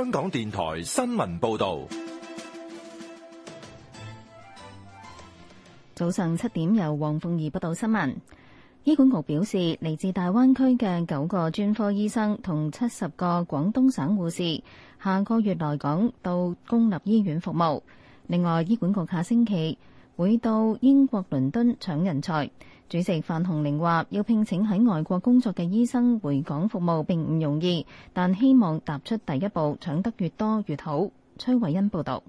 香港電台新聞報道，早上七點由黃鳳儀報道新聞。醫管局表示，嚟自大灣區嘅九個專科醫生同七十個廣東省護士下個月來港到公立醫院服務。另外，醫管局下星期會到英國倫敦搶人才。主席范鴻齡話：要聘請喺外國工作嘅醫生回港服務，並唔容易，但希望踏出第一步，搶得越多越好。崔惠恩報道。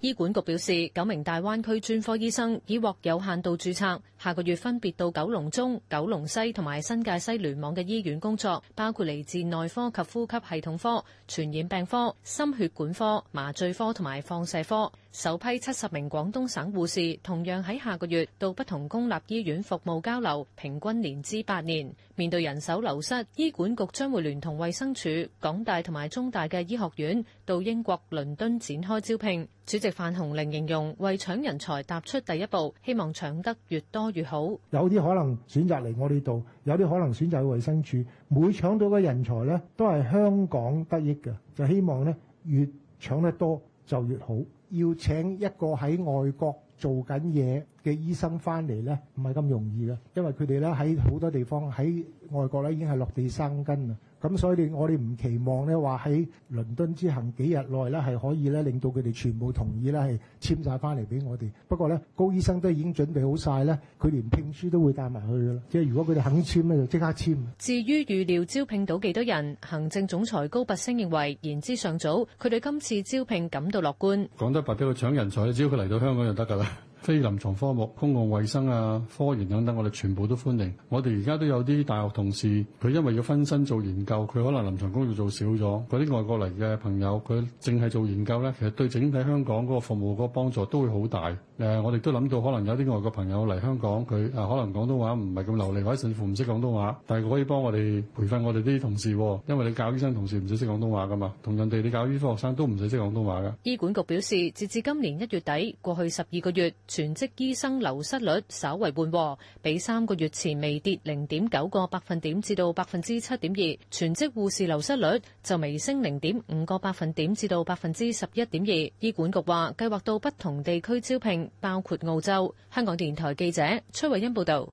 醫管局表示，九名大灣區專科醫生已獲有限度注冊。下個月分別到九龍中、九龍西同埋新界西聯網嘅醫院工作，包括嚟自內科及呼吸系統科、傳染病科、心血管科、麻醉科同埋放射科。首批七十名廣東省護士同樣喺下個月到不同公立醫院服務交流，平均年資八年。面對人手流失，醫管局將會聯同衛生署、港大同埋中大嘅醫學院到英國倫敦展開招聘。主席范鴻齡形容為搶人才踏出第一步，希望搶得越多越好，有啲可能選擇嚟我呢度，有啲可能選擇去衞生署。每搶到嘅人才呢，都係香港得益嘅，就希望呢，越搶得多就越好。要請一個喺外國做緊嘢嘅醫生翻嚟呢，唔係咁容易嘅，因為佢哋咧喺好多地方喺外國咧已經係落地生根啦。咁所以咧，我哋唔期望咧，話喺倫敦之行幾日內咧，係可以咧令到佢哋全部同意咧，係簽曬返嚟俾我哋。不過咧，高醫生都已經準備好曬咧，佢連聘書都會帶埋去噶啦。即係如果佢哋肯簽咧，就即刻簽。至於預料招聘到幾多人，行政總裁高拔升認為言之尚早，佢對今次招聘感到樂觀。講得白啲，佢搶人才，只要佢嚟到香港就得㗎啦。非臨床科目、公共衛生啊、科研等等，我哋全部都歡迎。我哋而家都有啲大學同事，佢因為要分身做研究，佢可能臨床工作做少咗。嗰啲外國嚟嘅朋友，佢淨係做研究咧，其實對整體香港嗰個服務嗰個幫助都會好大。誒，我哋都諗到可能有啲外國朋友嚟香港，佢誒可能廣東話唔係咁流利，或者甚至乎唔識廣東話，但係佢可以幫我哋培訓我哋啲同事。因為你教醫生同事唔使識廣東話㗎嘛，同人哋你教醫科學生都唔使識廣東話㗎。醫管局表示，截至今年一月底，過去十二個月，全職醫生流失率稍為緩和，比三個月前微跌零點九個百分點至到百分之七點二。全職護士流失率就微升零點五個百分點至到百分之十一點二。醫管局話，計劃到不同地區招聘，包括澳洲。香港電台記者崔慧欣報導。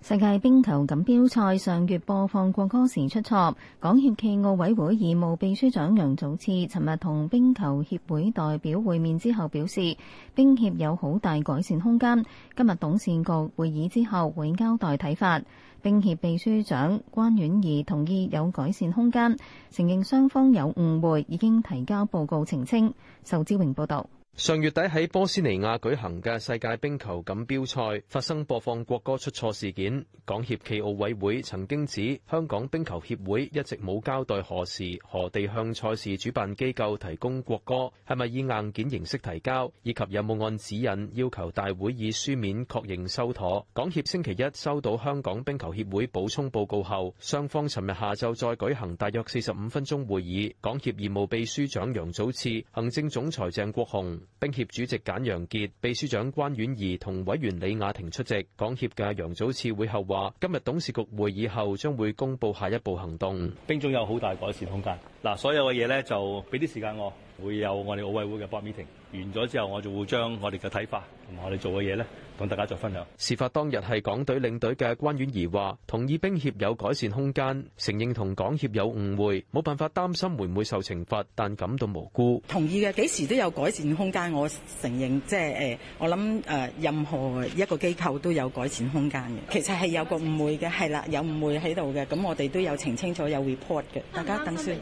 世界冰球錦標賽上月播放國歌時出錯，港協暨奧委會義務秘書長楊祖賜，尋日同冰球協會代表會面之後表示，冰協有好大改善空間。今日董事局會議之後會交代睇法。冰協秘書長關婉儀同意有改善空間，承認雙方有誤會，已經提交報告澄清。仇志榮報導。上月底喺波斯尼亞舉行嘅世界冰球錦標賽發生播放國歌出錯事件。港協暨奧委會曾經指，香港冰球協會一直冇交代何時何地向賽事主辦機構提供國歌，係咪以硬件形式提交，以及有冇按指引要求大會以書面確認收妥。港協星期一收到香港冰球協會補充報告後，雙方尋日下晝再舉行大約四十五分鐘會議。港協義務秘書長楊祖賜、行政總裁鄭國雄。兵協主席簡楊杰,杰、秘書長關婉儀同委員李雅婷出席。港協嘅楊祖次會後話：今日董事局會議後，將會公布下一步行動。兵中有好大改善空間。嗱，所有嘅嘢咧，就俾啲時間我，會有我哋奧委會嘅 board meeting 完咗之後，我就會將我哋嘅睇法同埋我哋做嘅嘢咧。同大家做分享。事發當日係港隊領隊嘅關婉儀話同意兵協有改善空間，承認同港協有誤會，冇辦法擔心會唔會受懲罰，但感到無辜。同意嘅，幾時都有改善空間，我承認即係誒我諗，誒、呃、任何一個機構都有改善空間嘅。其實係有個誤會嘅，係啦，有誤會喺度嘅。咁我哋都有澄清咗，有 report 嘅。大家等先。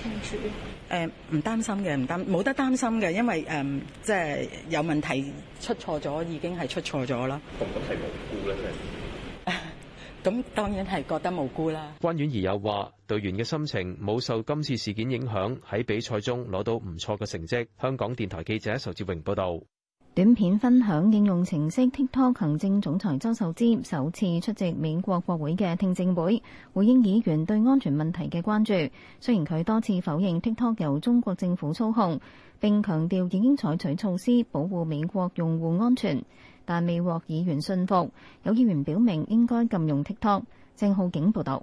清楚，誒唔擔心嘅，唔擔冇得擔心嘅，因為誒、呃、即係有問題出錯咗，已經係出錯了錯咗啦！咁咁係無辜咧，真係。咁當然係覺得無辜啦。關婉儀又話：隊員嘅心情冇受今次事件影響，喺比賽中攞到唔錯嘅成績。香港電台記者仇志榮報導。短片分享應用程式 TikTok 行政總裁周秀芝首次出席美國國會嘅聽證會，回應議員對安全問題嘅關注。雖然佢多次否認 TikTok 由中國政府操控，並強調已經採取措施保護美國用戶安全，但未獲議員信服。有議員表明應該禁用 TikTok。鄭浩景報導。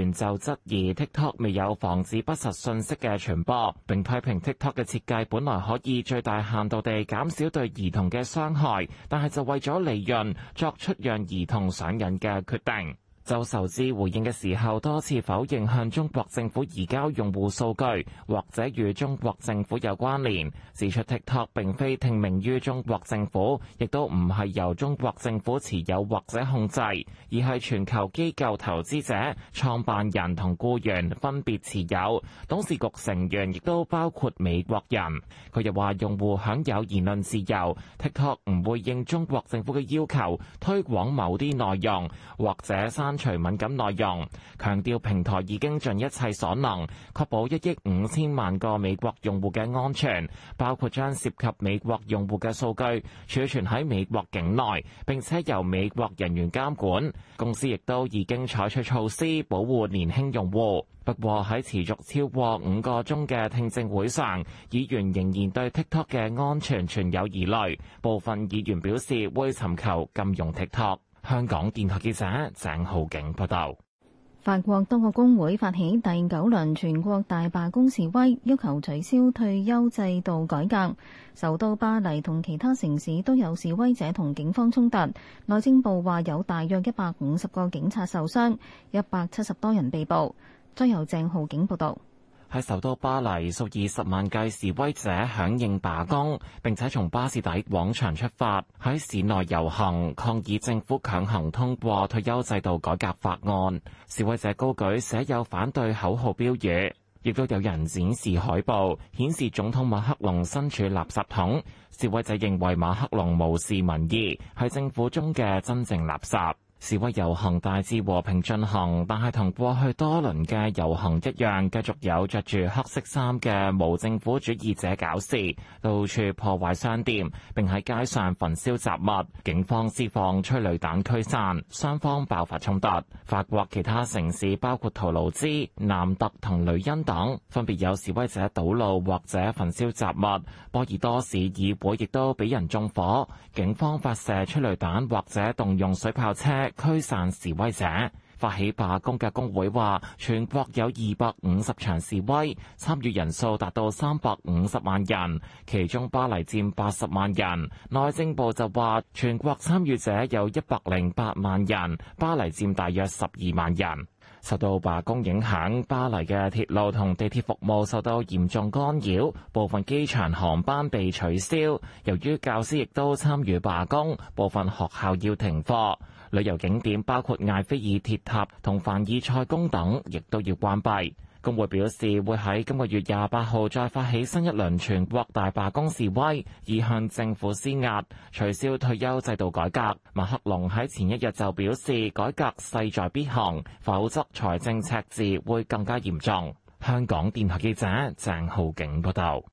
就質疑 TikTok 未有防止不實信息嘅傳播，並批評 TikTok 嘅設計本來可以最大限度地減少對兒童嘅傷害，但係就為咗利潤作出讓兒童上癮嘅決定。就受質回應嘅時候，多次否認向中國政府移交用戶數據或者與中國政府有關聯。指出 TikTok 並非聽命於中國政府，亦都唔係由中國政府持有或者控制，而係全球機構投資者、創辦人同僱員分別持有。董事局成員亦都包括美國人。佢又話用戶享有言論自由，TikTok 唔會應中國政府嘅要求推廣某啲內容，或者刪。除敏感內容，強調平台已經盡一切所能確保一億五千萬個美國用戶嘅安全，包括將涉及美國用戶嘅數據儲存喺美國境內，並且由美國人員監管。公司亦都已經採取措施保護年輕用戶。不過喺持續超過五個鐘嘅聽證會上，議員仍然對 TikTok 嘅安全存有疑慮，部分議員表示會尋求禁用 TikTok。香港電台記者鄭浩景報道：法國多個工會發起第九輪全國大罷工示威，要求取消退休制度改革。首都巴黎同其他城市都有示威者同警方衝突。內政部話有大約一百五十個警察受傷，一百七十多人被捕。再由鄭浩景報道。喺首都巴黎，數以十萬計示威者響應罷工，並且從巴士底廣場出發，喺市內遊行，抗議政府強行通過退休制度改革法案。示威者高舉寫有反對口號標語，亦都有人展示海報，顯示總統馬克龍身處垃圾桶。示威者認為馬克龍無視民意，係政府中嘅真正垃圾。示威遊行大致和平進行，但係同過去多輪嘅遊行一樣，繼續有着住黑色衫嘅無政府主義者搞事，到處破壞商店，並喺街上焚燒雜物。警方施放催淚彈驅散，雙方爆發衝突。法國其他城市包括圖盧茲、南特同雷恩等，分別有示威者堵路或者焚燒雜物。波爾多市議會亦都俾人縱火，警方發射催淚彈或者動用水炮車，驅散示威者。發起罷工嘅工會話全國有二百五十場示威，參與人數達到三百五十萬人，其中巴黎佔八十萬人。內政部就話全國參與者有一百零八萬人，巴黎佔大約十二萬人。受到罷工影響，巴黎嘅鐵路同地鐵服務受到嚴重干擾，部分機場航班被取消。由於教師亦都參與罷工，部分學校要停課。旅遊景點包括艾菲爾鐵塔同凡爾賽宮等，亦都要關閉。工會表示會喺今個月廿八號再發起新一輪全國大罷工示威，以向政府施壓，取消退休制度改革。馬克龍喺前一日就表示，改革勢在必行，否則財政赤字會更加嚴重。香港電台記者鄭浩景報道。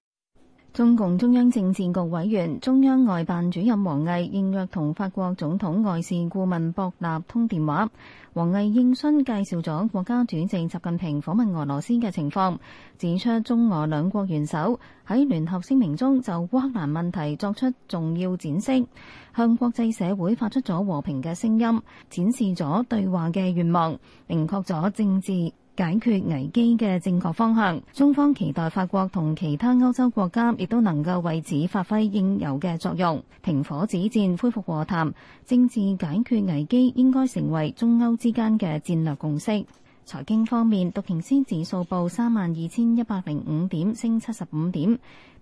中共中央政治局委員、中央外辦主任王毅應約同法國總統外事顧問博納通電話。王毅應詢介紹咗國家主席習近平訪問俄羅斯嘅情況，指出中俄兩國元首喺聯合聲明中就烏克蘭問題作出重要展示，向國際社會發出咗和平嘅聲音，展示咗對話嘅願望，明確咗政治解決危機嘅正確方向，中方期待法國同其他歐洲國家亦都能夠為此發揮應有嘅作用，停火止戰、恢復和談、政治解決危機，應該成為中歐之間嘅戰略共識。財經方面，道瓊斯指數報三萬二千一百零五點，升七十五點。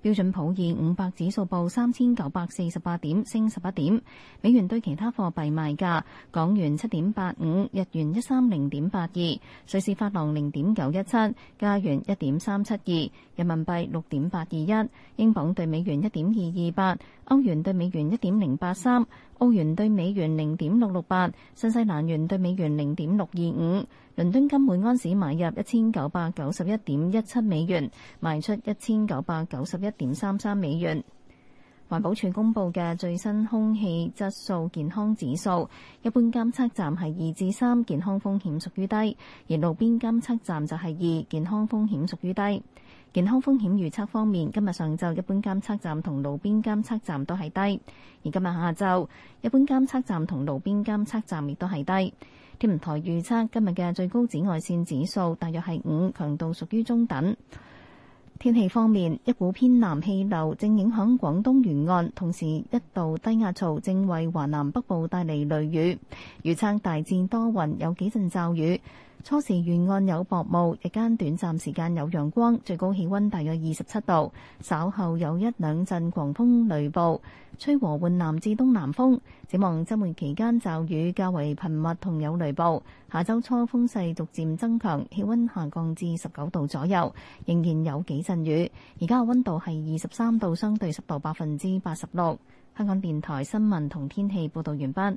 標準普爾五百指數報三千九百四十八點，升十八點。美元對其他貨幣賣價：港元七點八五，日元一三零點八二，瑞士法郎零點九一七，加元一點三七二，人民幣六點八二一，英鎊對美元一點二二八，歐元對美元一點零八三，澳元對美元零點六六八，新西蘭元對美元零點六二五。倫敦金每安士買入一千九百九十一點一七美元，賣出一千九百九十一。點三三美元。環保署公布嘅最新空氣質素健康指數，一般監測站係二至三，健康風險屬於低；而路邊監測站就係二，健康風險屬於低。健康風險預測方面，今日上晝一般監測站同路邊監測站都係低；而今日下晝一般監測站同路邊監測站亦都係低。天文台預測今日嘅最高紫外線指數大約係五，強度屬於中等。天氣方面，一股偏南氣流正影響廣東沿岸，同時一道低壓槽正為華南北部帶嚟雷雨。預測大致多雲，有幾陣驟雨。初時沿岸有薄霧，日間短暫時間有陽光，最高氣温大約二十七度。稍後有一兩陣狂風雷暴，吹和緩南至東南風。展望周末期間，驟雨較為頻密同有雷暴。下周初風勢逐漸增強，氣温下降至十九度左右，仍然有幾陣雨。而家嘅温度係二十三度，相對濕度百分之八十六。香港電台新聞同天氣報道完畢。